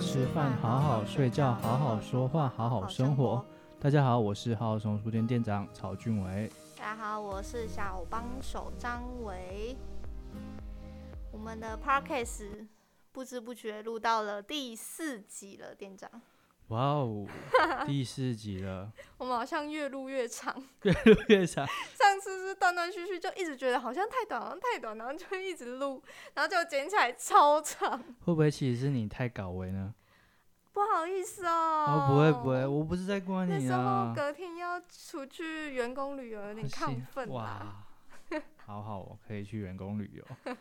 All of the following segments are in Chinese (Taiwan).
吃飯，好好睡覺，好好說話，好好生活。生活。大家好，我是好好生活書店店長曹俊偉。大家好，我是小幫手張維。我們的 Podcast 不知不覺錄到了第四集了，店長。哇哦，第四集了！ 我們好像越錄越長，越錄越長。上次是斷斷續續，續，就一直覺得好像太短了，太短，然後就一直錄，然後就剪起來超長。會不會其實是你太搞維呢？不好意思啊，哦哦，不會不會，我不是在怪你。那時候隔天要出去員工旅遊，有點亢奮哇。好好哦，可以去員工旅遊。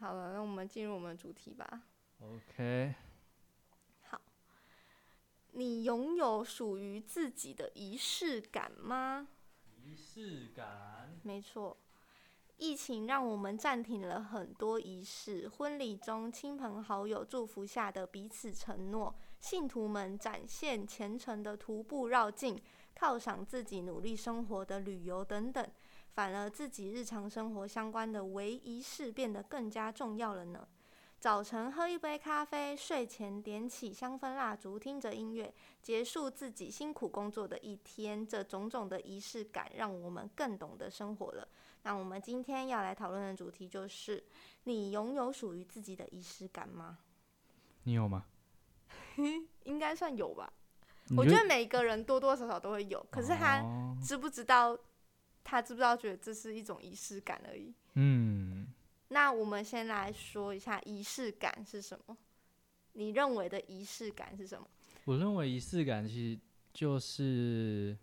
好了，那我們進入我們的主題吧。OK。你擁有屬於自己的儀式感嗎？儀式感，沒錯。疫情讓我們暫停了很多儀式，婚禮中親朋好友祝福下的彼此承諾，信徒們展現虔誠的徒步繞境，犒賞自己努力生活的旅遊等等，反而自己日常生活相關的唯一儀式變得更加重要了呢。早晨喝一杯咖啡，睡前點起香氛蠟燭，聽着音樂，結束自己辛苦工作的一天。這種種的儀式感，讓我們更懂得生活了。那我們今天要來討論的主題就是：你擁有屬於自己的儀式感嗎？你有嗎？ 應該算有吧。你有？我覺得每個人多多少少都會有，可是他知不知道？哦、他知不知道？覺得這是一種儀式感而已。嗯。那我們先來說一下儀式感是什麼？你認為的儀式感是什麼？我認為儀式感其實就是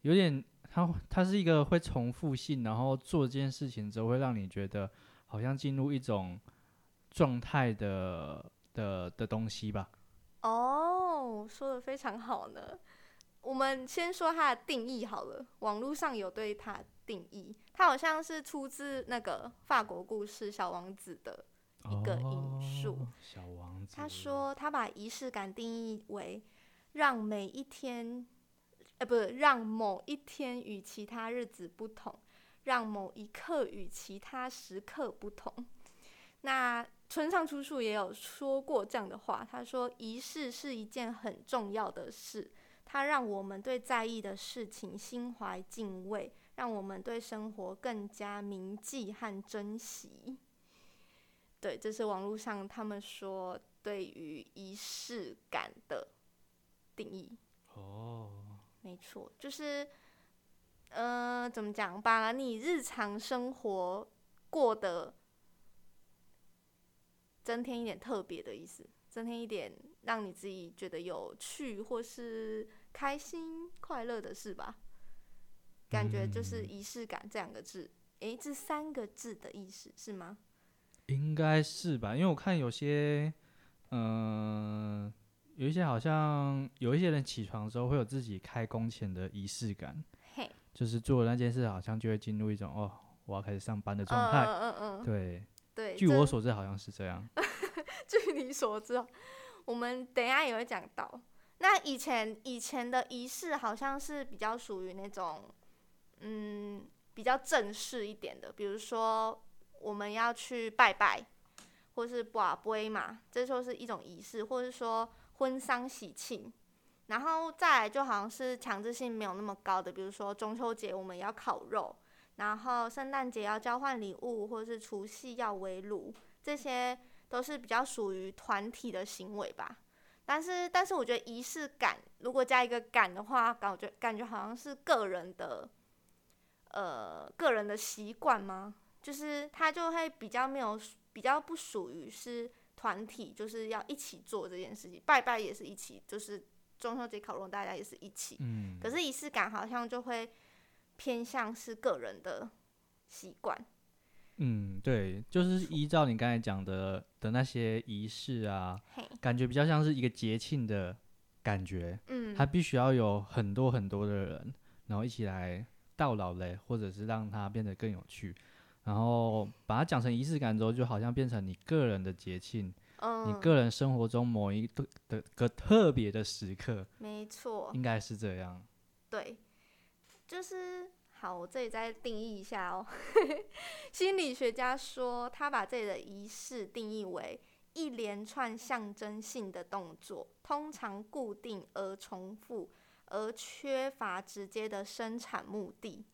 有點它，它它是一個會重複性，然後做這件事情之後會讓你覺得好像進入一種狀態的的的東西吧。哦，oh，說得非常好呢。我們先說它的定義好了，網絡上有對它。定義，他好像是出自那個法國故事《小王子》的一個引述。Oh, 他說：“他把儀式感定義為讓每一天，呃、欸，不是讓某一天與其他日子不同，讓某一刻與其他時刻不同。”那村上春樹也有說過這樣的話，他說：“儀式是一件很重要的事，它讓我們對在意的事情心懷敬畏。”讓我們對生活更加銘記和珍惜。對，這是網絡上他們說對於儀式感的定義。哦，oh，沒錯，就是，呃，怎麼講，把你日常生活過得增添一點特別的意思，增添一點讓你自己覺得有趣或是開心快樂的事吧。感覺就是儀式感這兩個字，哎、嗯，這、欸、三個字的意思是嗎？應該是吧，因為我看有些，嗯、呃，有一些好像有一些人起床之後會有自己開工前的儀式感，嘿，就是做那件事，好像就會進入一種哦，我要開始上班的狀態，嗯嗯嗯，嗯，對，對，據我所知好像是這樣，這 據你所知，我們等一下也會講到，那以前以前的儀式好像是比較屬於那種。嗯，比較正式一點的，比如說我們要去拜拜，或是拜杯嘛，這就是一種儀式，或者說婚喪喜慶。然後再來就好像是強制性沒有那麼高的，比如說中秋節我們要烤肉，然後聖誕節要交換禮物，或者是除夕要圍爐，這些都是比較屬於團體的行為吧。但是，但是我覺得儀式感，如果加一個感的話，感覺感覺好像是個人的。呃，個人的習慣嗎？就是他就會比較沒有，比較不屬於是團體，就是要一起做這件事情。拜拜也是一起，就是中秋節烤肉大家也是一起。嗯，可是儀式感好像就會偏向是個人的習慣。嗯，對，就是依照你剛才講的的那些儀式啊，感覺比較像是一個節慶的感覺。嗯，他必須要有很多很多的人，然後一起來。到老嘞，或者是讓它變得更有趣，然後把它講成儀式感之後，就好像變成你個人的節慶，嗯，你個人生活中某一個的個特別的時刻，沒錯，應該是這樣。對，就是，好，我這裡再定義一下哦。 心理學家說，他把這裡的儀式定義為一連串象徵性的動作，通常固定而重複。而缺乏直接的生產目的。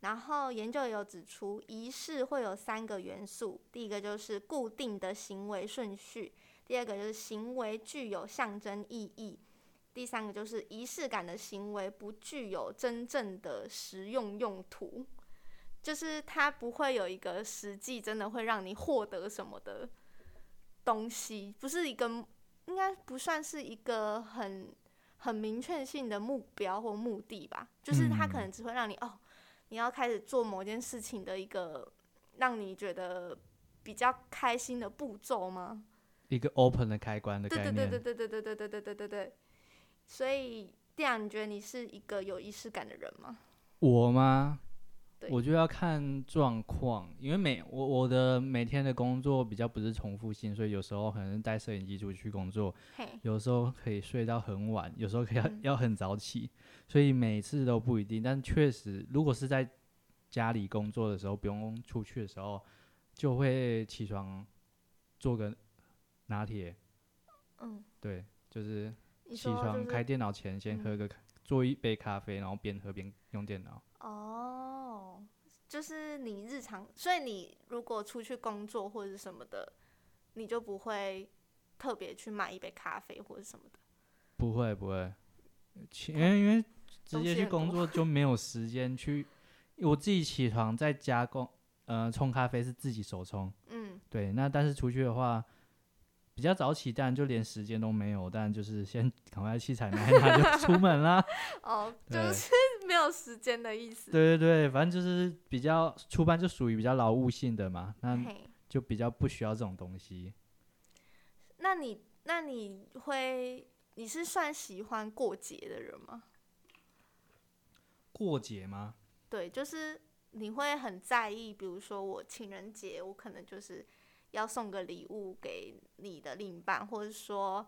然後研究也有指出，儀式會有三個元素：第一個就是固定的行為順序；第二個就是行為具有象徵意義；第三個就是儀式感的行為不具有真正的實用用途，就是它不會有一個實際真的會讓你獲得什麼的東西，不是一個，應該不算是一個很。很明確性的目標或目的吧，就是他可能只會讓你、嗯、哦，你要開始做某件事情的一個讓你覺得比較開心的步驟嗎？一個 open 的開關的概念。對對對對對對對對對對對對、對、對、對。所以，店長你覺得你是一個有儀式感的人嗎？我嗎？我就要看狀況，因為每我我的每天的工作比較不是重複性，所以有時候可能帶攝影機出去工作，hey，有時候可以睡到很晚，有時候可以要、嗯、要很早起，所以每次都不一定。但確實，如果是在家裡工作的時候，不用出去的時候，就會起床做個拿鐵，嗯，對，就是起床開電腦前先喝個、嗯、做一杯咖啡，然後邊喝邊用電腦。哦。就是你日常，所以你如果出去工作或者什麼的，你就不會特別去買一杯咖啡或者什麼的。不會不會，因為、欸、因為直接去工作就沒有時間去。我自己起床在家工，嗯、呃，沖咖啡是自己手沖。嗯，對。那但是出去的話，比較早起，但就連時間都沒有，但就是先趕快器材買， 就出門啦。 哦，對。就是沒有時間的意思。對對對，反正就是比較初班就屬於比較勞務性的嘛，那就比較不需要這種東西。那你那你會你是算喜歡過節的人嗎？過節嗎？對，就是你會很在意，比如說我情人節，我可能就是要送個禮物給你的另一半，或者說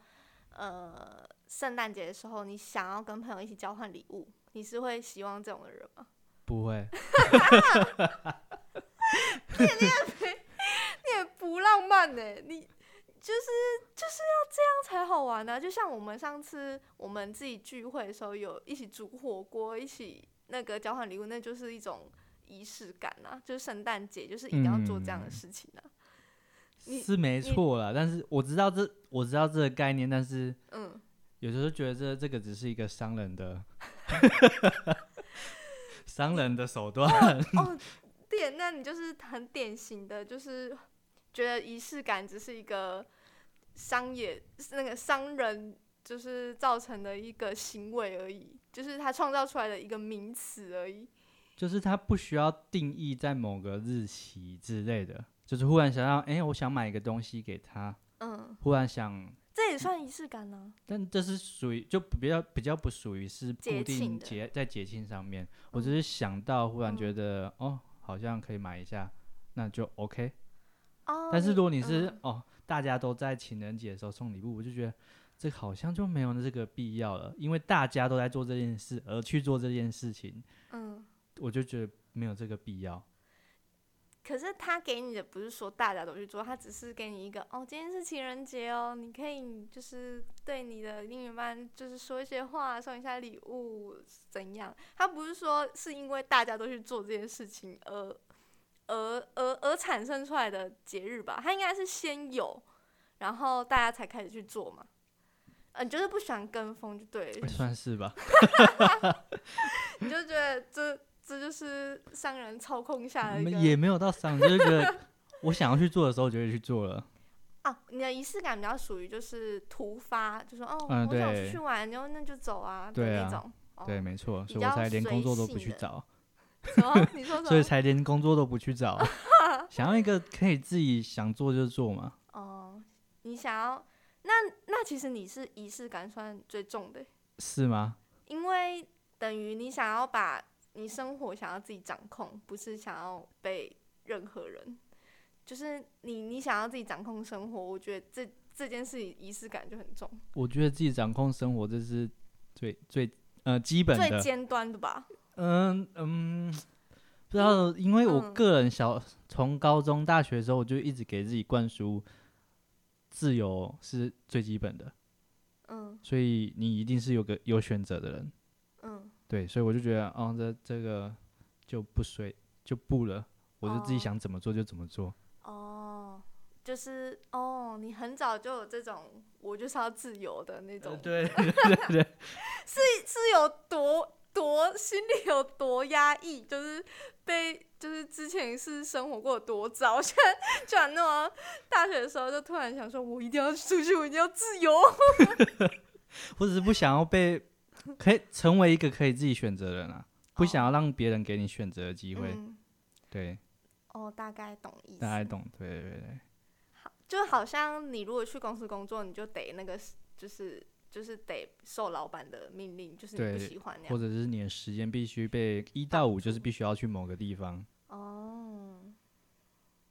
呃聖誕節的時候，你想要跟朋友一起交換禮物。你是會希望這種的人嗎？不會。 你，也 你也不浪漫呢、欸，你就是就是要這樣才好玩呢、啊。就像我們上次我們自己聚會的時候，有一起煮火鍋，一起那個交換禮物，那就是一種儀式感啊。就是聖誕節，就是一定要做這樣的事情啊。嗯、是沒錯啦，但是我知道這我知道這個概念，但是嗯。有時候覺得這個只是一個商人的 商人的手段 那。 哦，對，那你就是很典型的，就是覺得儀式感只是一個商業，那個商人就是造成的一個行為而已，就是他創造出來的一個名詞而已。就是他不需要定義在某個日期之類的，就是忽然想到，哎，我想買一個東西給他，嗯，忽然想。也算儀式感呢、啊，但這是屬於就比較比較不屬於是固定節在節慶上面、嗯，我只是想到忽然覺得、嗯、哦，好像可以買一下，那就 OK。哦、但是如果你是、嗯、哦，大家都在情人節的時候送禮物，我就覺得這好像就沒有這個必要了，因為大家都在做這件事而去做這件事情，嗯，我就覺得沒有這個必要。可是他給你的不是說大家都去做，他只是給你一個哦，今天是情人節哦，你可以就是對你的另一半就是說一些話，送一下禮物怎樣？他不是說是因為大家都去做這件事情而而而而產生出來的節日吧？他應該是先有，然後大家才開始去做嘛。嗯、呃，就是不喜歡跟風就對，算是吧。 你就覺得這。這就是商人操控下的一個，也沒有到商人，就是覺得我想要去做的時候，就會去做了、 哦。你的儀式感比較屬於就是突發，就說哦、嗯，我想要去玩，然後那就走啊，對啊那種。對、哦、啊。對，沒錯。 所以我才連工作都不去找。你說什麼？所以才連工作都不去找。想要一個可以自己想做就做嘛？哦，你想要？那那其實你是儀式感算最重的。是嗎？因為等於你想要把。你生活想要自己掌控，不是想要被任何人，就是你你想要自己掌控生活。我覺得這這件事儀式感就很重。我覺得自己掌控生活這是最最呃基本的、最尖端的吧？嗯嗯，不知道，因為我個人小從高中、大學的時候，我就一直給自己灌輸自由是最基本的。嗯，所以你一定是有個有選擇的人。對，所以我就覺得，嗯、哦，這這個就不隨就不了，oh. 我就自己想怎麼做就怎麼做。哦、oh，就是哦，oh, 你很早就有這種，我就是要自由的那種。對對對，對 是，是是有多多心裡有多壓抑，就是被就是之前是生活過有多糟。現在轉然，然大學的時候就突然想說，我一定要出去，我一定要自由， 我只是不想要被。可以成為一個可以自己選擇的人啊，不想要讓別人給你選擇的機會，哦嗯，對。哦，大概懂意思。大概懂，對，對對對。好，就好像你如果去公司工作，你就得那個，就是就是得受老板的命令，就是你不喜歡這樣。或者是你的時間必須被一到五，就是必須要去某個地方。哦，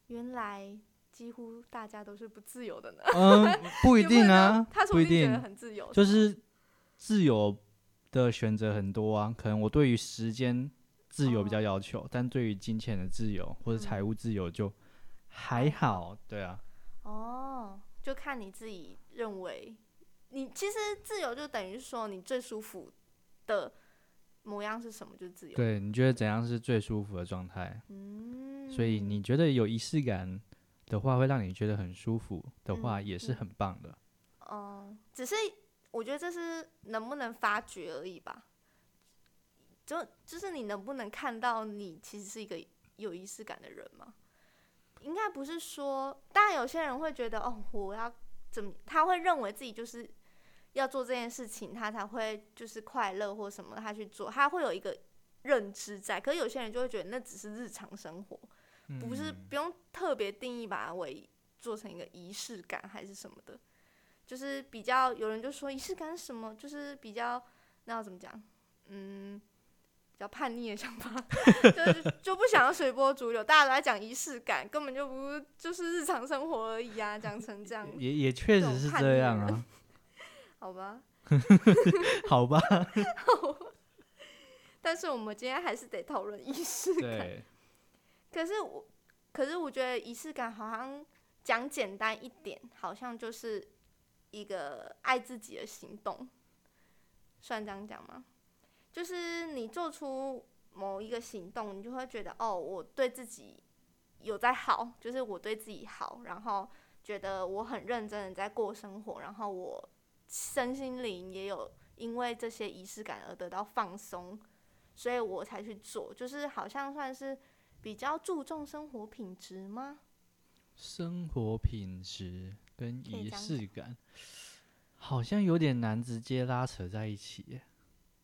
原來幾乎大家都是不自由的呢。嗯，不一定啊，不一定覺得很自由，就是自由。的選擇很多啊，可能我對於時間自由比較要求，哦、但對於金錢的自由或者財務自由就還好、嗯。對啊，哦，就看你自己認為，你其實自由就等於說你最舒服的模樣是什麼就自由。對，你覺得怎樣是最舒服的狀態？嗯，所以你覺得有儀式感的話會讓你覺得很舒服的話也是很棒的。哦、嗯嗯嗯呃，只是。我覺得這是能不能發覺而已吧，就就是你能不能看到你其實是一個有儀式感的人嗎？應該不是說，當然有些人會覺得哦，我要怎麼？他會認為自己就是要做這件事情，他才會就是快樂或什麼，他去做，他會有一個認知在。可是有些人就會覺得那只是日常生活，不是不用特別定義把它為做成一個儀式感還是什麼的。就是比較有人就說儀式感什麼，就是比較那要怎麼講？嗯，比較叛逆的想法， 就就不想要隨波逐流，大家都在講儀式感，根本就不就是日常生活而已啊，講成這樣也也確實是這，這樣啊。 好吧， 好吧， 好吧 但是我們今天還是得討論儀式感。對，可是我，可是我覺得儀式感好像講簡單一點，好像就是。一個愛自己的行動，算這樣講嗎？就是你做出某一個行動，你就會覺得哦，我對自己有在好，就是我對自己好，然後覺得我很認真的在過生活，然後我身心靈也有因為這些儀式感而得到放鬆，所以我才去做，就是好像算是比較注重生活品質嗎？生活品質。跟儀式感好像有點難直接拉扯在一起耶，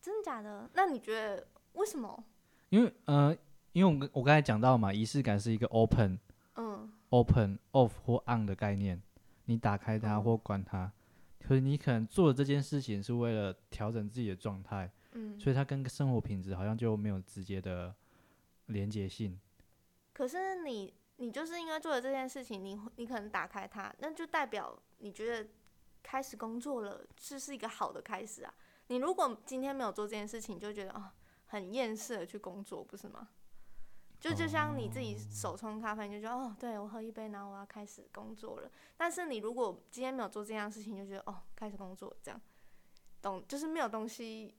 真的假的？那你覺得為什麼？因為，呃，因為我我剛才講到嘛，儀式感是一個 open，嗯，open off 或 on 的概念，你打開它或關它，嗯，可是你可能做的這件事情是為了調整自己的狀態，嗯，所以它跟生活品質好像就沒有直接的連接性。可是你。你就是因為做了這件事情，你你可能打開它，那就代表你覺得開始工作了，這是，是一個好的開始啊。你如果今天沒有做這件事情，就覺得啊、哦、很厭世的去工作，不是嗎？就就像你自己手沖咖啡，你就覺得哦，對，我喝一杯，然後我要開始工作了。但是你如果今天沒有做這樣事情，就覺得哦，開始工作這樣，懂，就是沒有東西。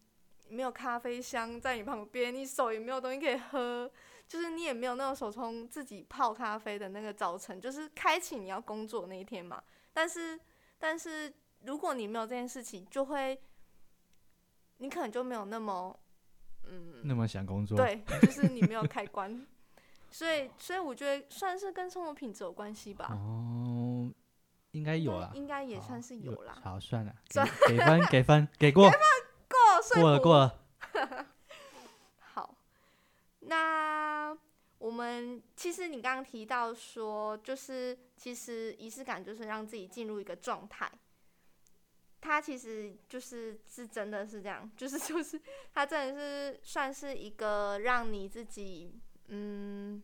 沒有咖啡香在你旁邊，你手也沒有東西可以喝，就是你也沒有那種手沖自己泡咖啡的那個早晨，就是開啟你要工作那一天嘛。但是，但是如果你沒有這件事情，就會你可能就沒有那麼，嗯，那麼想工作。對，就是你沒有開關， 所以，所以我覺得算是跟生活品質有關係吧。哦，應該有啦、啊嗯，應該也算是有啦，哦，好，算了，給分給分， 給分，給分，給過。給過了過了， 好，那我們其實你剛剛提到說，就是其實儀式感就是讓自己進入一個狀態，它其實就是是真的是這樣，就是就是它真的是算是一個讓你自己嗯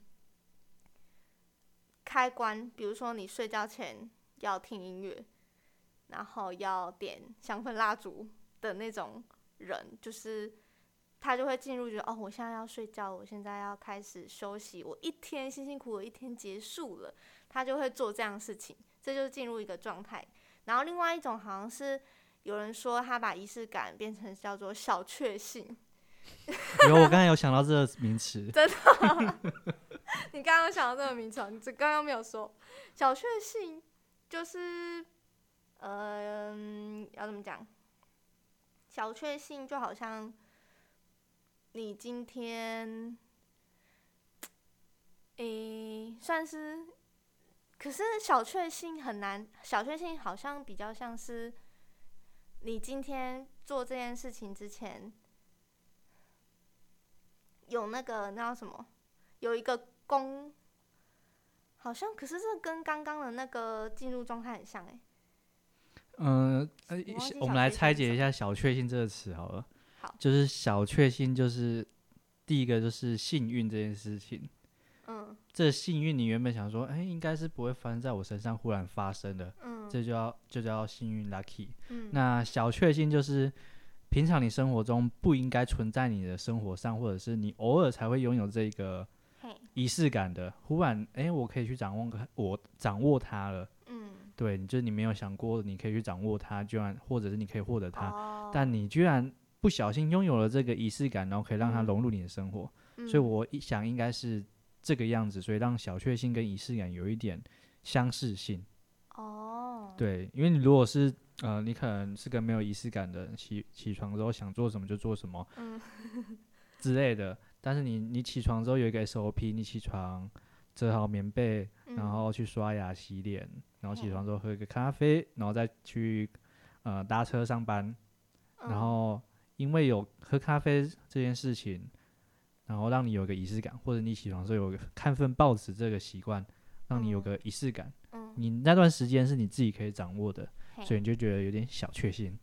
開關，比如說你睡覺前要聽音樂，然後要點香氛蠟燭的那種。人就是他就會進入，覺得哦，我現在要睡覺，我現在要開始休息，我一天辛辛苦苦一天結束了，他就會做這樣的事情，這就是進入一個狀態。然後另外一種好像是有人說他把儀式感變成叫做小確幸。有，我剛才有想到這個名詞， 真的嗎。 你剛剛想到這個名詞，你這剛剛沒有說小確幸，就是呃，要怎麼講？小確幸就好像你今天，誒、欸，算是，可是小確幸很難，小確幸好像比較像是你今天做這件事情之前有那個那叫什麼？有一個功，好像可是這跟剛剛的那個進入狀態很像誒、欸。嗯，呃、欸，我們來拆解一下“小確幸”這個詞，好了，好就是“小確幸”，就是第一個就是幸運這件事情。嗯，這幸運你原本想說，哎、欸，應該是不會發生在我身上，忽然發生的，嗯，這叫就，就叫幸運 （lucky）。嗯，那“小確幸”就是平常你生活中不應該存在你的生活上，或者是你偶爾才會擁有這個儀式感的，忽然，哎、欸，我可以去掌握，我掌握它了。對，就是你沒有想過，你可以去掌握它，居然，或者是你可以獲得它，oh. 但你居然不小心擁有了這個儀式感，然後可以讓它融入你的生活。嗯、所以我想應該是這個樣子，所以讓小確幸跟儀式感有一點相似性。哦、oh.，對，因為你如果是呃，你可能是個沒有儀式感的，起起床之後想做什麼就做什麼，嗯、 之類的。但是你你起床之後有一個 SOP，你起床，折好棉被，然後去刷牙洗臉。嗯然後起床之後喝一個咖啡，然後再去，呃，搭車上班，嗯。然後因為有喝咖啡這件事情，然後讓你有個儀式感，或者你起床之後有個看份報紙這個習慣，讓你有個儀式感。嗯。你那段時間是你自己可以掌握的，嗯，所以你就覺得有點小確幸。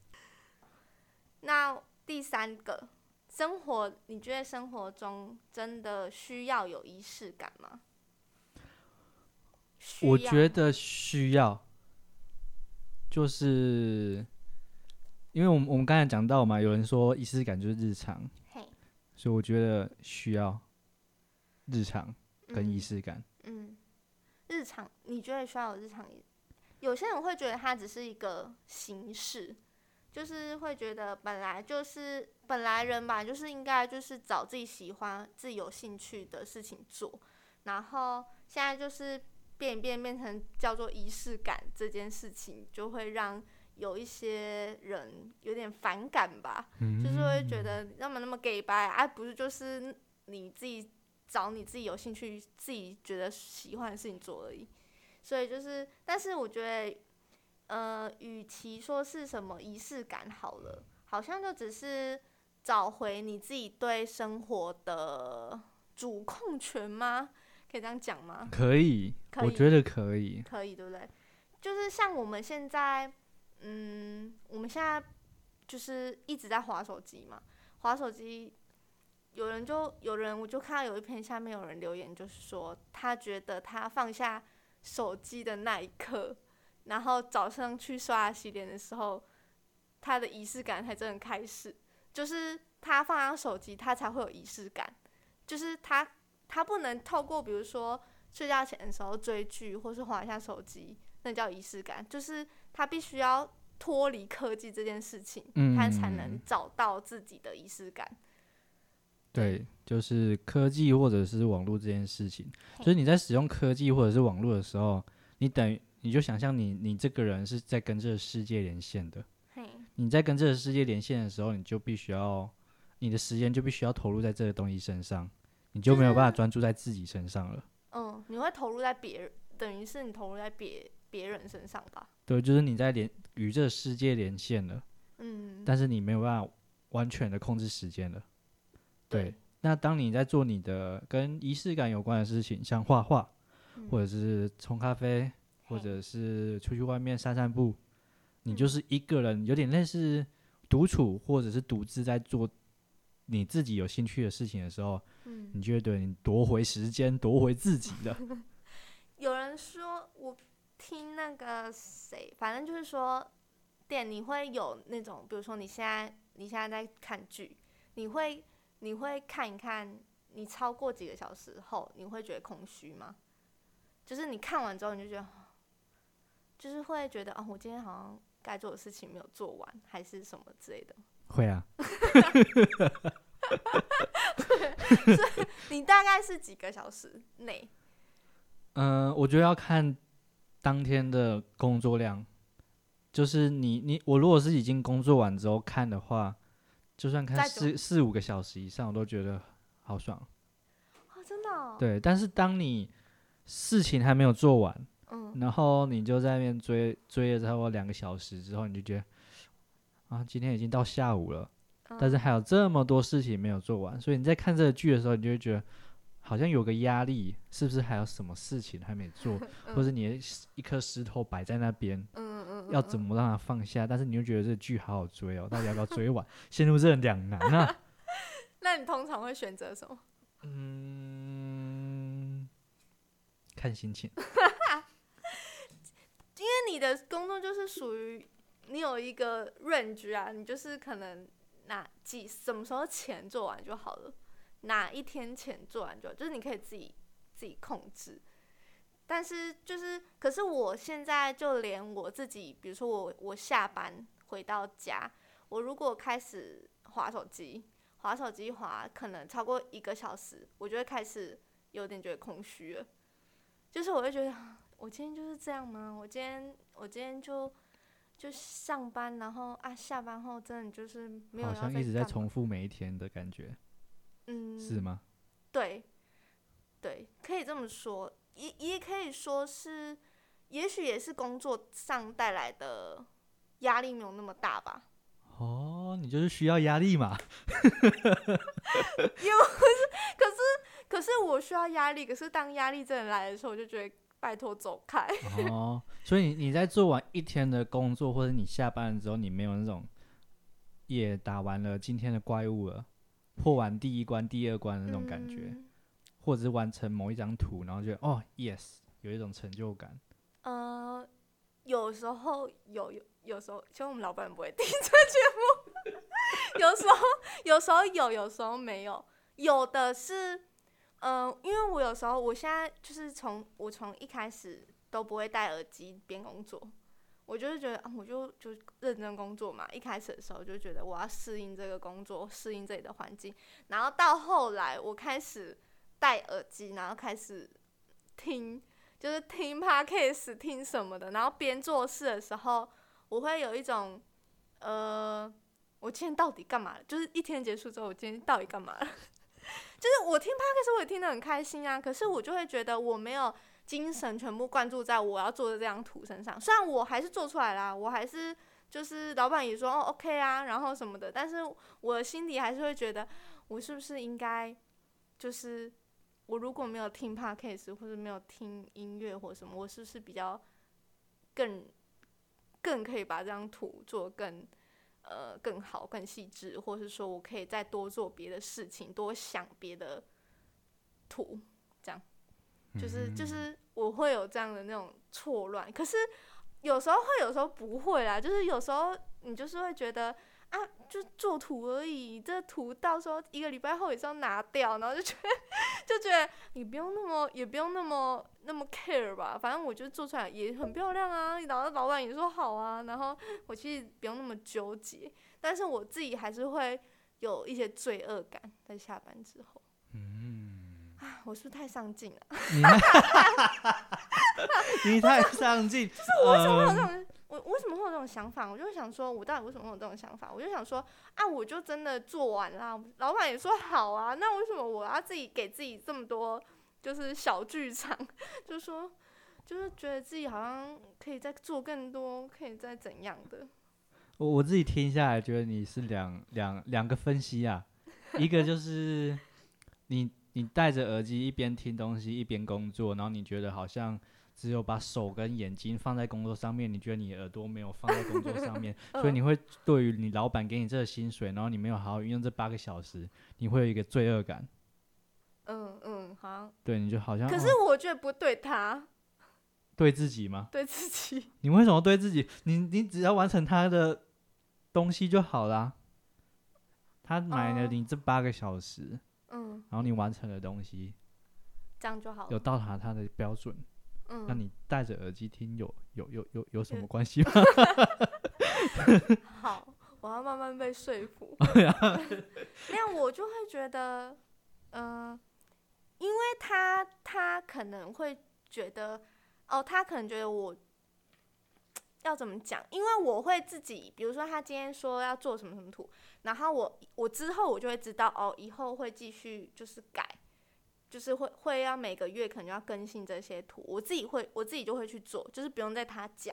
那第三個，生活，你覺得生活中真的需要有儀式感嗎？我覺得需要，就是因為我們我們剛才講到嘛，有人說儀式感就是日常，嘿，所以我覺得需要日常跟儀式感，嗯。嗯，日常你覺得需要有日常？有些人會覺得它只是一個形式，就是會覺得本來就是本來人吧，就是應該就是找自己喜歡、自己有興趣的事情做，然後現在就是。變一變，變成叫做儀式感這件事情，就會讓有一些人有點反感吧，嗯、就是會覺得那、嗯、麼那麼假掰啊，不是就是你自己找你自己有興趣、自己覺得喜歡的事情做而已。所以就是，但是我覺得，呃，與其說是什麼儀式感好了，好像就只是找回你自己對生活的主控權嗎？可以這樣講嗎？可？可以，我覺得可以，可以對不對？就是像我們現在，嗯，我們現在就是一直在滑手機嘛，滑手機，有人就有人，我就看到有一篇下面有人留言，就是說他覺得他放下手機的那一刻，然後早上去刷洗臉的時候，他的儀式感才真的開始，就是他放下手機，他才會有儀式感，就是他。他不能透過，比如說睡覺前的時候追劇，或是滑一下手機，那叫儀式感。就是他必須要脫離科技這件事情，他、嗯、才能找到自己的儀式感。對，對，就是科技或者是網絡這件事情。Okay. 就是你在使用科技或者是網絡的時候，你等於，你就想象你你這個人是在跟這個世界連線的。Okay. 你在跟這個世界連線的時候，你就必須要你的時間就必須要投入在這個東西身上。你就沒有辦法專注在自己身上了。嗯，你會投入在別人，等於是你投入在別別人身上吧？對，就是你在連與這個世界連線了。嗯。但是你沒有辦法完全的控制時間了。對、嗯。那當你在做你的跟儀式感有關的事情，像畫畫、嗯，或者是沖咖啡，或者是出去外面散散步，嗯、你就是一個人，有點類似獨處，或者是獨自在做。你自己有興趣的事情的時候，嗯，你就會對你奪回時間，奪回自己的。 有人說，我聽那個誰，反正就是說，店你會有那種，比如說你現在你現在在看劇，你會你會看一看，你超過幾個小時後，你會覺得空虛嗎？就是你看完之後，你就覺得，就是會覺得啊、哦，我今天好像該做的事情沒有做完，還是什麼之類的。會啊 你大概是幾個小時內？嗯、呃，我覺得要看當天的工作量。就是你你我如果是已經工作完之後看的話，就算看四四五個小時以上，我都覺得好爽。哦。真的、哦？對。但是當你事情還沒有做完，嗯、然後你就在那邊追追了差不多兩個小時之後，你就覺得。啊，今天已經到下午了，但是還有這麼多事情沒有做完，嗯、所以你在看這個劇的時候，你就會覺得好像有個壓力，是不是還有什麼事情還沒做，嗯、或是你一顆石頭擺在那邊、嗯嗯嗯，要怎麼讓它放下？但是你又覺得這個劇好好追哦，大家要不要追完，陷 入這兩難啊。 那你通常會選擇什麼？嗯，看心情， 因為你的工作就是屬於。你有一個 range 啊，你就是可能哪幾什麼時候前做完就好了，哪一天前做完就好，就是你可以自己自己控制。但是就是，可是我現在就連我自己，比如說我我下班回到家，我如果開始滑手機，滑手機滑，可能超過一個小時，我就會開始有點覺得空虛了。就是我會覺得，我今天就是這樣嗎？我今天我今天就。就上班，然後啊，下班後真的就是沒有要。好像一直在重複每一天的感覺，嗯，是嗎？對，對，可以這麼說，也也可以說是，也許也是工作上帶來的壓力沒有那麼大吧。哦，你就是需要壓力嘛？ 可是可是我需要壓力，可是當壓力真的來的時候，我就覺得。拜託走開哦！所以你你在做完一天的工作，或者你下班了之後，你沒有那種也、yeah, 打完了今天的怪物了，破完第一關、第二關的那種感覺，嗯、或者是完成某一張圖，然後覺得哦，yes，有一種成就感。呃，有時候有有有時候，希望我們老板不會聽這節目。 有時候有時候有，有時候沒有，有的是。嗯，因為我有時候，我現在就是從我從一開始都不會戴耳機邊工作，我就是覺得啊、嗯，我就就認真工作嘛。一開始的時候就覺得我要適應這個工作，適應這裡的環境。然後到後來，我開始戴耳機，然後開始聽，就是聽 Podcast，聽什麼的。然後邊做事的時候，我會有一種，呃，我今天到底幹嘛了？就是一天結束之後，我今天到底幹嘛了？就是我聽 podcast，我也聽得很開心啊。可是我就會覺得我沒有精神全部灌注在我要做的這張圖身上。雖然我還是做出來啦，我還是就是老闆也說哦 OK 啊，然後什麼的。但是我的心裡還是會覺得，我是不是應該，就是我如果沒有聽 podcast 或者沒有聽音樂或什麼，我是不是比較更更可以把這張圖做更？呃，更好、更細緻，或是說我可以再多做別的事情，多想別的圖，這樣，就是就是我會有這樣的那種錯亂。可是有時候會，有時候不會啦。就是有時候你就是會覺得。啊，就做圖而已，這個，圖到時候一個禮拜後也是要拿掉，然後就覺得就覺得你不用那麼，也不用那麼那麼 care 吧。反正我覺得做出來也很漂亮啊，然後老闆也說好啊，然後我其實不用那麼糾結，但是我自己還是會有一些罪惡感在下班之後。嗯，啊，我是不是太上進了？嗯、 你太上進， 就是我做不到這種。我為什麼會有這種想法？我就想說，我到底為什麼會有這種想法？我就想說，啊，我就真的做完了，老闆也說好啊，那為什麼我要自己給自己這麼多，就是小劇場，就是說，就是覺得自己好像可以再做更多，可以再怎樣的？我我自己聽下來，覺得你是兩兩兩個分析啊， 一個就是你你戴着耳機一邊聽東西一邊工作，然後你覺得好像。只有把手跟眼睛放在工作上面，你覺得你耳朵沒有放在工作上面， 所以你會對於你老闆給你這個薪水，然後你沒有好好運用這八個小時，你會有一個罪惡感。嗯嗯，好，對你就好像，可是我覺得不對他，哦，對自己嗎？對自己。你為什麼對自己？你你只要完成他的東西就好啦。他買了你這八個小時，嗯，然後你完成的東西，這樣就好，有到達他，他的標準。那、嗯啊、你戴着耳機聽有有有有有什麼關係嗎？ 好，我要慢慢被說服。那 我就會覺得，嗯、呃，因為他他可能會覺得，哦，他可能覺得我要怎麼講？因為我會自己，比如說他今天說要做什麼什麼圖，然後我我之後我就會知道，哦，以後會繼續就是改。就是會會要每個月可能要更新這些圖，我自己會我自己就會去做，就是不用在他講。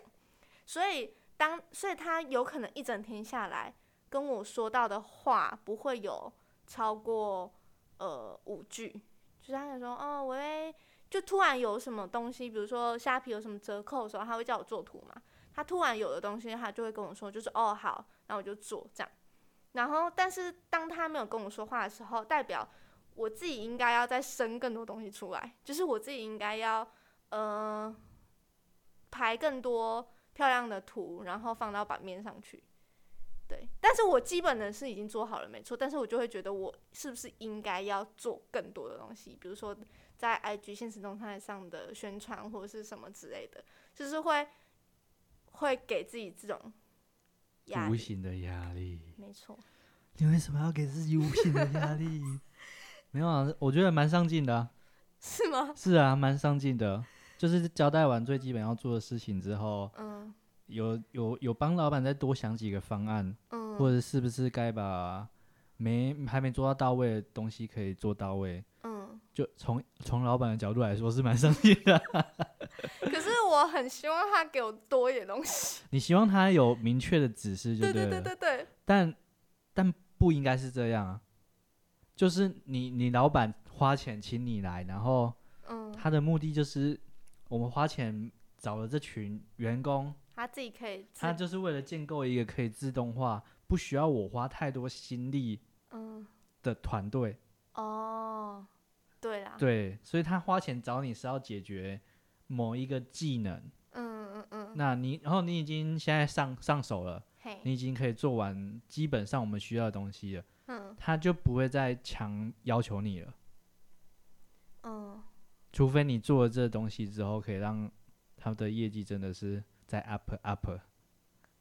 所以當所以他有可能一整天下來跟我說到的話不會有超過呃五句，就是他就說哦喂，就突然有什麼東西，比如說蝦皮有什麼折扣的時候，他會叫我做圖嘛。他突然有的東西，他就會跟我說，就是哦好，然後我就做這樣。然後但是當他沒有跟我說話的時候，代表，我自己應該要再生更多東西出來，就是我自己應該要，呃，拍更多漂亮的圖，然後放到版面上去，對。但是我基本的是已經做好了，沒錯。但是我就會覺得，我是不是應該要做更多的東西？比如說在 IG 限時動態上的宣傳，或者是什麼之類的，就是會會給自己這種無形的壓力。沒錯，你為什麼要給自己無形的壓力？ 沒有啊，我覺得蠻上進的啊。是嗎？是啊，蠻上進的。就是交代完最基本要做的事情之後，嗯，有有有幫老板再多想幾個方案，嗯，或者是不是該把沒還沒做到到位的東西可以做到位，嗯，就從從老板的角度來說是蠻上進的啊。可是我很希望他給我多一點東西。 你希望他有明確的指示就對了，對，對對對對對。但但不應該是這樣啊。就是你，你老闆花錢請你來，然後，嗯，他的目的就是我們花錢找了這群員工，嗯、他自己可以，他就是為了建構一個可以自動化，不需要我花太多心力，嗯，的團隊。哦，對啦，對，所以他花錢找你是要解決某一個技能，嗯嗯嗯，那你，然後你已經現在上上手了，嘿，你已經可以做完基本上我們需要的東西了。嗯，他就不會再強要求你了。嗯，除非你做了這東西之後，可以讓他的業績真的是在 up up。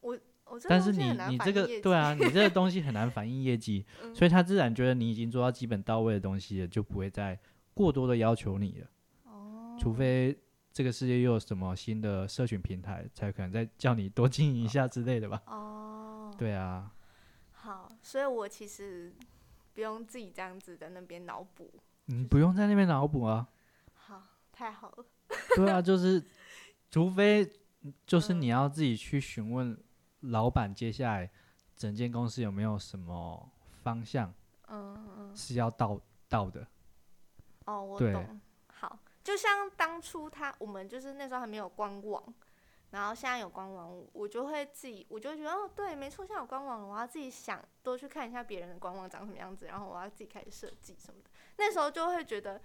我，我但是你你這個對啊，你這個東西很難反映業績， 所以他自然覺得你已經做到基本到位的東西了，就不會再過多的要求你了。哦，除非這個世界又有什麼新的社群平台，才可能再叫你多經營一下之類的吧。哦，哦對啊。好，所以我其實不用自己這樣子在那邊腦補，你不用在那邊腦補啊。好，太好了。 對啊，就是除非就是你要自己去詢問老闆，接下來整間公司有沒有什麼方向，嗯，是要到到的。哦，我懂。好，就像當初他，我們就是那時候還沒有官網。然後現在現在有官網，我就會自己，我就覺得哦，對，沒錯，現在有官網了，我要自己想多去看一下別人的官網長什麼樣子，然後我要自己開始設計什麼的。那時候就會覺得，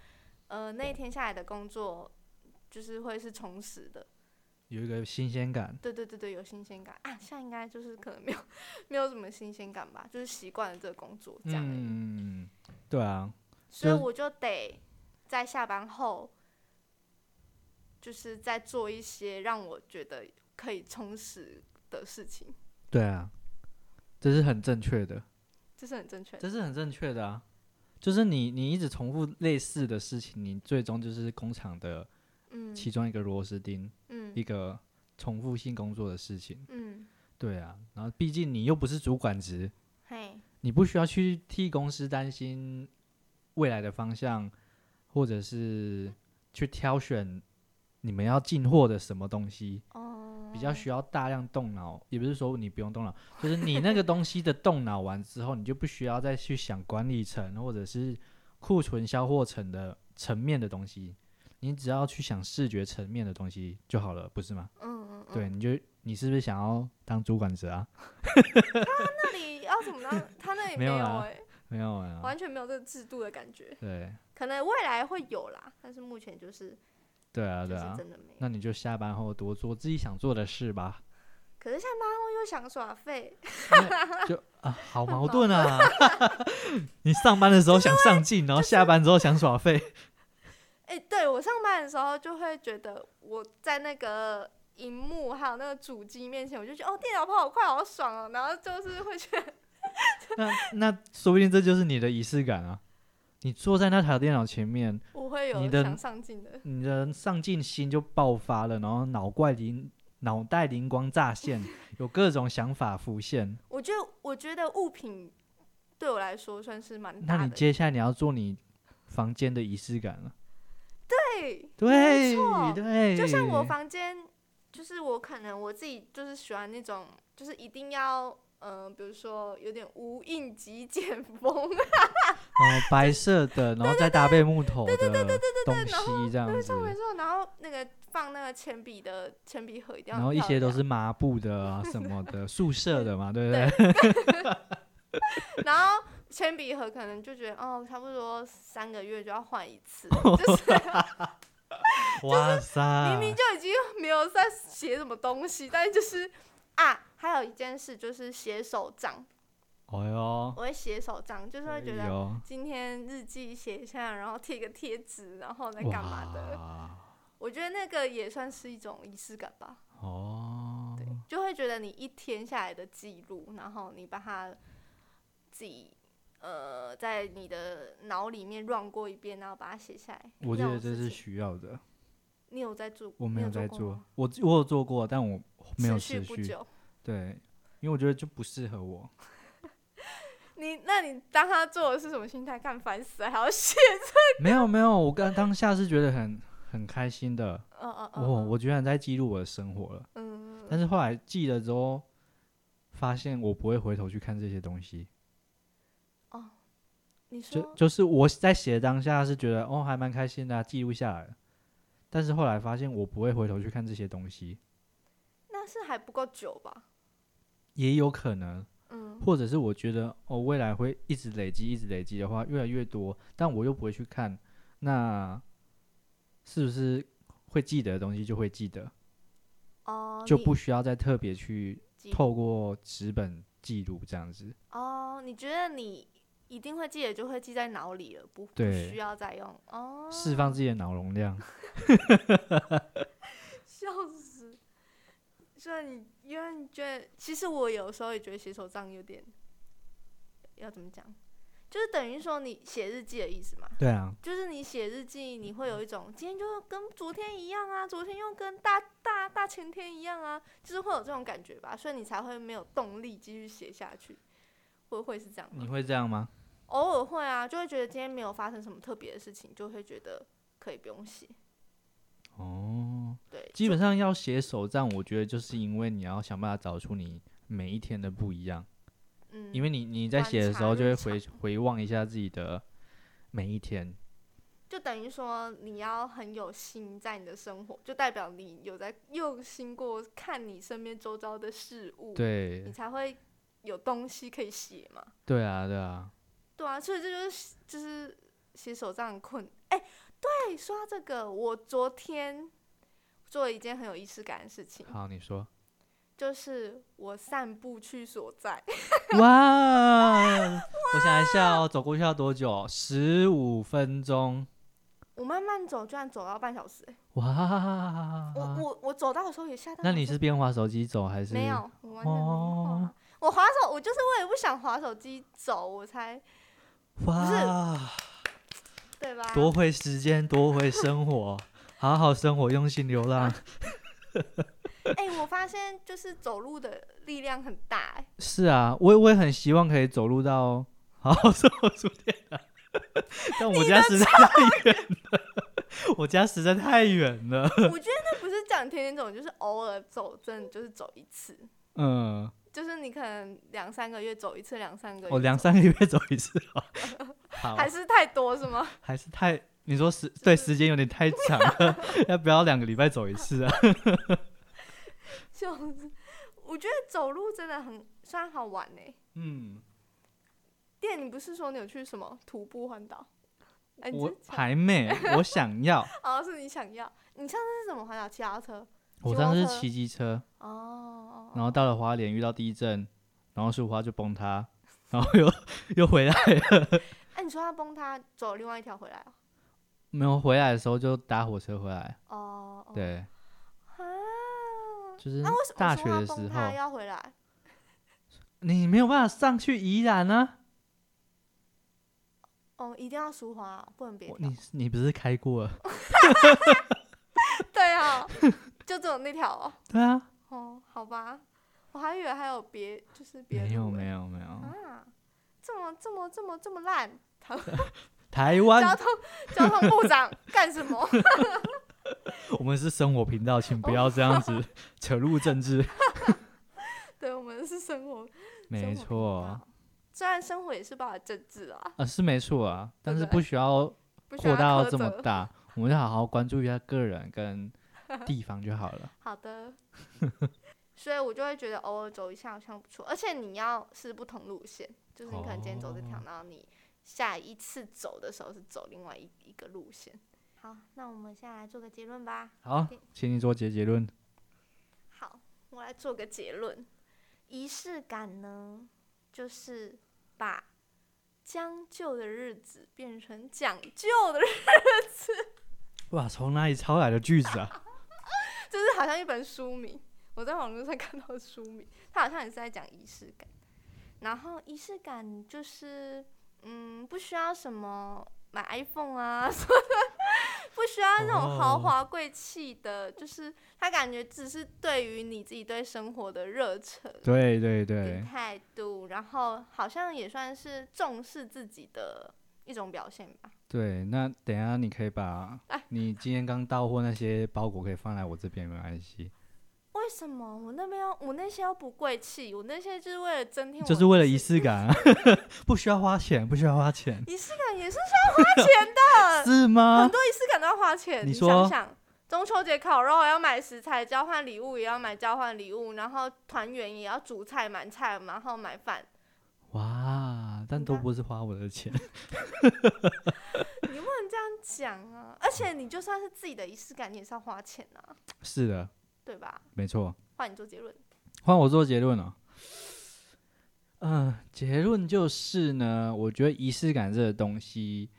呃，那一天下來的工作，就是會是充實的，有一個新鮮感。對對對對，有新鮮感啊！現在應該就是可能沒有，沒有什麼新鮮感吧，就是習慣了這個工作這樣。嗯嗯，對啊。所以我就得在下班後。就是在做一些讓我覺得可以充實的事情。對啊，這是很正確的。這是很正確。這是很正確的啊！就是你，你一直重複類似的事情，你最終就是工廠的其中一個螺絲釘，嗯，一個重複性工作的事情，嗯，對啊。然後畢竟你又不是主管職，嘿，你不需要去替公司擔心未來的方向，或者是去挑選。你們要進貨的什麼東西？哦、oh.，比較需要大量動腦，也不是說你不用動腦，就是你那個東西的動腦完之後， 你就不需要再去想管理層或者是庫存銷貨層的層面的東西，你只要去想視覺層面的東西就好了，不是嗎？嗯嗯嗯，對，你就你是不是想要當主管者啊？ 他那裡要怎麼？他那裡沒有哎、欸， 沒有哎，完全沒有這個制度的感覺。對，可能未來會有啦，但是目前就是。對啊,對啊，對、就、啊、是，那你就下班後多做自己想做的事吧。可是下班後又想耍廢， 就啊，好矛盾啊！ 你上班的時候想上進，然後下班之後想耍廢、 就是欸。對，我上班的時候就會覺得我在那個熒幕還有那個主機面前，我就覺得哦，電腦跑好快，好爽哦，然後就是會覺得 那。那那說不定這就是你的儀式感啊。你坐在那台電腦前面，我會有想上進的，你的上進心就爆發了，然後腦怪靈，腦袋靈光乍現， 有各種想法浮現。我覺得，我覺得物品對我來說算是蠻大的。那你接下來你要做你房間的儀式感了。 對，對，沒錯，對。就像我房間，就是我可能我自己就是喜歡那種，就是一定要。嗯、呃，比如說有點無印極簡風、啊呃，白色的，然後再搭配木頭的東西，對，對對對對對對對，然後這樣對上沒錯沒錯，然後那個放那個鉛筆的鉛筆盒一定要掉，然後一些都是麻布的啊什麼的，宿 舍的嘛，對不對，對， 對？然後鉛筆盒可能就覺得哦，差不多三個月就要換一次，就是 哇塞就是明明就已經沒有在寫什麼東西，但是就是。那、啊、還有一件事就是寫手賬。哦、哎、喲。我會寫手賬，就是會覺得今天日記寫下、哎，然後貼個貼紙，然後再幹嘛的。我覺得那個也算是一種儀式感吧。哦。對，就會覺得你一天下來的記錄，然後你把它自己呃在你的腦裡面亂過一遍，然後把它寫下來。我覺得這是需要的。你有在做？我沒有在做，做我我有做過，但我沒有持續。持續對，因為我覺得就不適合我。 你那你當他做的是什麼心態？看煩死了，還要寫這個？沒有沒有，我剛當下是覺得很很開心的。哦、uh, uh,，uh, oh, 我居然在記錄我的生活了。嗯、uh, uh, uh. 但是後來記了之後，發現我不會回頭去看這些東西。哦、uh,，你說就,就是我在寫的當下是覺得哦還蠻開心的、啊，記錄下來。但是後來發現我不會回頭去看這些東西，那是還不夠久吧？也有可能，嗯，或者是我覺得，哦，未來會一直累積，一直累積的話，越來越多，但我又不會去看，那是不是會記得的東西就會記得？哦、嗯，就不需要再特別去透過紙本記錄這樣子。哦，你覺得你？一定會記得，就會記在腦裡了，不不需要再用哦。釋、oh、放自己的腦容量，笑死！ 所以你因為你覺得，其實我有時候也覺得寫手賬有點要怎麼講，就是等於說你寫日記的意思嘛。對啊。就是你寫日記，你會有一種今天就跟昨天一樣啊，昨天又跟大大大前天一樣啊，就是會有這種感覺吧，所以你才會沒有動力繼續寫下去，會會是這樣嗎？你會這樣嗎？偶爾會啊，就會覺得今天沒有發生什麼特別的事情，就會覺得可以不用寫。哦，對，基本上要寫手賬，我覺得就是因為你要想辦法找出你每一天的不一樣。嗯，因為你你在寫的時候就會回回望一下自己的每一天，就等於說你要很有心在你的生活，就代表你有在用心過看你身邊周遭的事物，對，你才會有東西可以寫嘛。對啊，對啊。對啊，所以這就是就是寫手帳很困。哎、欸，對，說到這個，我昨天做了一件很有儀式感的事情。好，你說。就是我散步去所在。哇！ 哇，我想一下，哦，走過去要多久？哦。十五分鐘。我慢慢走，居然走到半小時。哎！哇！我我我走到的時候也嚇到。那你是邊滑手機走還是？沒有，我完全沒、啊、我滑手，我就是為了不想滑手機走，我才。哇不是，對吧？奪回時間，奪回生活， 好好生活，用心流浪。哎、啊欸，我發現就是走路的力量很大、欸。是啊，我也我也很希望可以走路到好好生活書店啊， 但我家實在太遠了，我家實在太遠了， 了。我覺得那不是講天天走，就是偶爾走，真的就是走一次。嗯。就是你可能兩三個月走一次，兩三個月。哦、兩三個月走一次 還是太多是嗎？ 還是太，你說時、就是、對時間有點太長了， 要不要兩個禮拜走一次啊？ 就我覺得走路真的很，雖然好玩呢、欸。嗯，店，影不是說你有去什麼徒步環島？我還沒， 我想要。 哦，是你想要。你上次是怎麼環島騎腳踏車？我當時是騎機車，哦，然後到了花蓮遇到地震，哦、然後蘇花就崩塌，然後又 又回來了。哎、啊，你說他崩塌，走另外一條回來、嗯？沒有回來的時候就搭火車回來。哦，對。啊、就是大學的時候，啊、他要回來？你沒有辦法上去宜蘭呢、啊？哦，一定要蘇花、啊，不能別的，你你不是開過了？ 對啊。 就只有那條哦、喔。對啊。哦，好吧，我還以為還有別，就是別。沒有沒有沒有。啊，這麼這麼這麼這麼爛，台灣。交通交通部長幹什麼？ 我們是生活頻道，請不要這樣子扯入政治。 對，我們是生活。生活沒錯。雖然，生活也是包含政治啊。啊、呃，是沒錯啊，但是不需要擴大到這麼大。 我們就好好關注一下個人跟。 地方就好了。好的， 所以我就會覺得偶爾走一下好像不錯，而且你要是不同路線，就是你可能今天走這條，然後你下一次走的時候是走另外一一個路線。好，那我們現在來做個結論吧。好，請，請你做結結論。好，我來做個結論。 儀式感呢，就是把將就的日子變成講究的日子。哇，從哪裡抄來的句子啊？ 就是好像一本書名，我在網絡上看到書名，他好像也是在講儀式感，然後儀式感就是，嗯，不需要什麼買 iPhone 啊，什麼的， 不需要那種豪華貴氣的，oh. 就是他感覺只是對於你自己對生活的熱忱，對對對，態度，然後好像也算是重視自己的一種表現吧。對，那等一下你可以把，你今天剛到貨那些包裹可以放在我這邊沒關係。為什麼我那邊要我那些又不貴氣？我那些就是為了增添，就是為了儀式感，啊， 不需要花錢，不需要花錢。儀式感也是需要花錢的， 是嗎？很多儀式感都要花錢，你說。你想想，中秋節烤肉要買食材，交換禮物也要買交換禮物，然後團圓也要煮菜，買菜，然後買飯。哇。但都不是花我的錢 你不能這樣講啊！而且你就算是自己的儀式感，你也是要花錢啊。是的，對吧？沒錯。換你做結論，換我做結論啊、哦。嗯、呃，結論就是呢，我覺得儀式感這個東西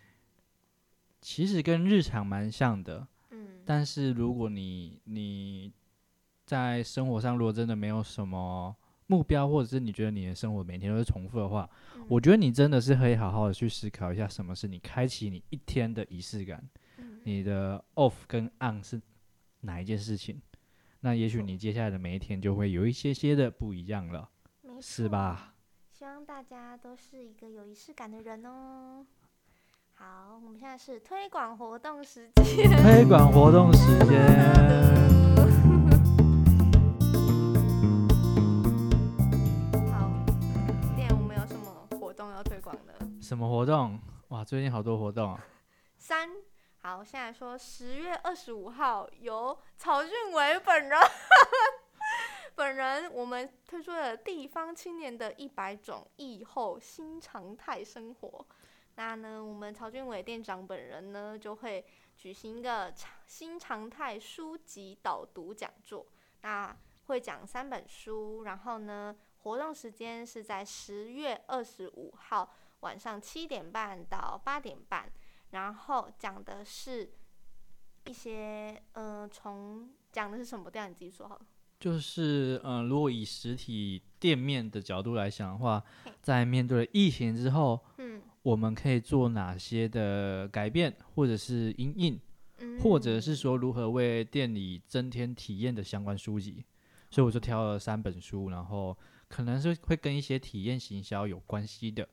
其實跟日常蠻像的。嗯。但是如果你你在生活上如果真的沒有什麼。目標，或者是你覺得你的生活每天都是重複的話，嗯、我覺得你真的是可以好好的去思考一下，什麼是你開啟你一天的儀式感，嗯，你的 off 跟 on 是哪一件事情？嗯、那也許你接下來的每一天就會有一些些的不一樣了，是吧？希望大家都是一個有儀式感的人哦。好，我們現在是推廣活動時間，推廣活動時間。 什麼活動？哇，最近好多活動啊！三好，現在說，十月二十五號由曹俊偉本人，呵呵本人，我們推出了《地方青年的一百種疫後新常態生活》。那呢，我們曹俊偉店長本人呢，就會舉行一個長新常態書籍導讀講座。那會講三本書，然後呢，活動時間是在十月二十五號。晚上七點半到八點半，然後講的是一些，嗯、呃，從講的是什麼？對，你自己說好就是，嗯、呃，如果以實體店面的角度來想的話，在面對疫情之後，嗯，我們可以做哪些的改變，或者是因應嗯，或者是說如何為店裡增添體驗的相關書籍、嗯。所以我就挑了三本書，然後可能是會跟一些體驗行銷有關係的。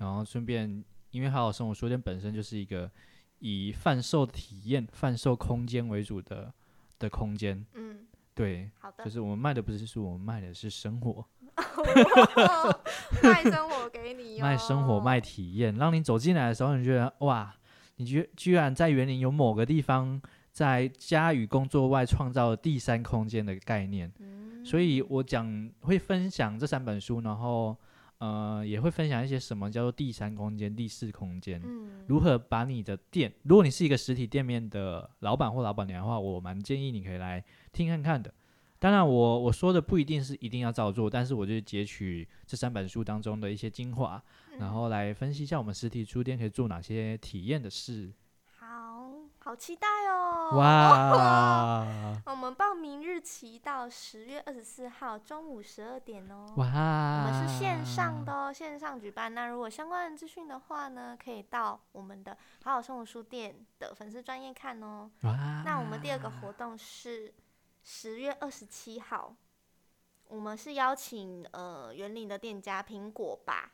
然後順便，因為好好生活書店本身就是一個以販售體驗、販售空間為主的的空間。嗯，對，好的，就是我們賣的不是書，我們賣的是生活，哦、 賣生活 給你、哦，賣生活賣體驗，讓你走進來的時候，你覺得哇，你居居然在員林有某個地方，在家與工作外創造了第三空間的概念。嗯、所以我講會分享這三本書，然後。呃，也會分享一些什麼叫做第三空間、第四空間，嗯，如何把你的店，如果你是一個實體店面的老板或老板娘的話，我蠻建議你可以來聽看看的。當然我，我我說的不一定是一定要照做，但是我就截取這三本書當中的一些精華，嗯，然後來分析一下我們實體書店可以做哪些體驗的事。好好期待哦。哇，哇！我們報名日期到十月二十四號中午十二點哦。哇！我們是線上的哦，線上舉辦。那如果相關資訊的話呢，可以到我們的好好生活書店的粉絲專頁看哦。哇！那我們第二個活動是十月二十七號，我們是邀請呃員林的店家蘋果吧。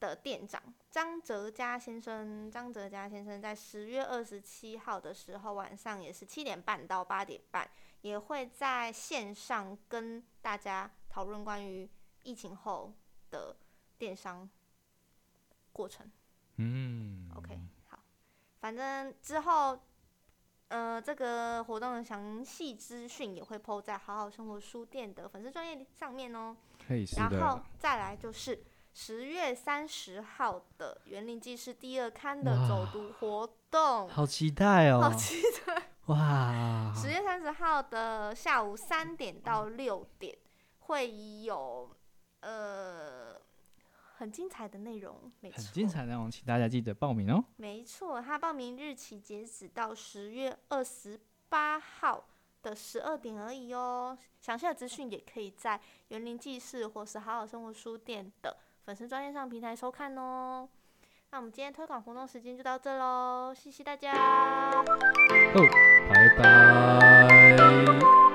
的店長張哲嘉先生，張哲嘉先生在十月二十七號的時候，晚上也是七點半到八點半，也會在線上跟大家討論關於疫情後的電商過程。嗯，OK，好，反正之後，呃，這個活動的詳細資訊也會 PO 在好好生活書店的粉絲專頁上面哦。可以，然後再來就是。十月三十號的《員林紀事》第二刊的走讀活動，好期待哦！好期待！哇！十月三十號的下午三點到六點，會有呃很精彩的內容，沒錯，很精彩的內容的，請大家記得報名哦。沒錯，它報名日期截止到十月二十八號的十二點而已哦。詳細的資訊也可以在《員林紀事》或是好好生活書店的。本身專線上平台收看哦，那我們今天推廣活動時間就到這嘍，謝謝大家，哦，拜拜。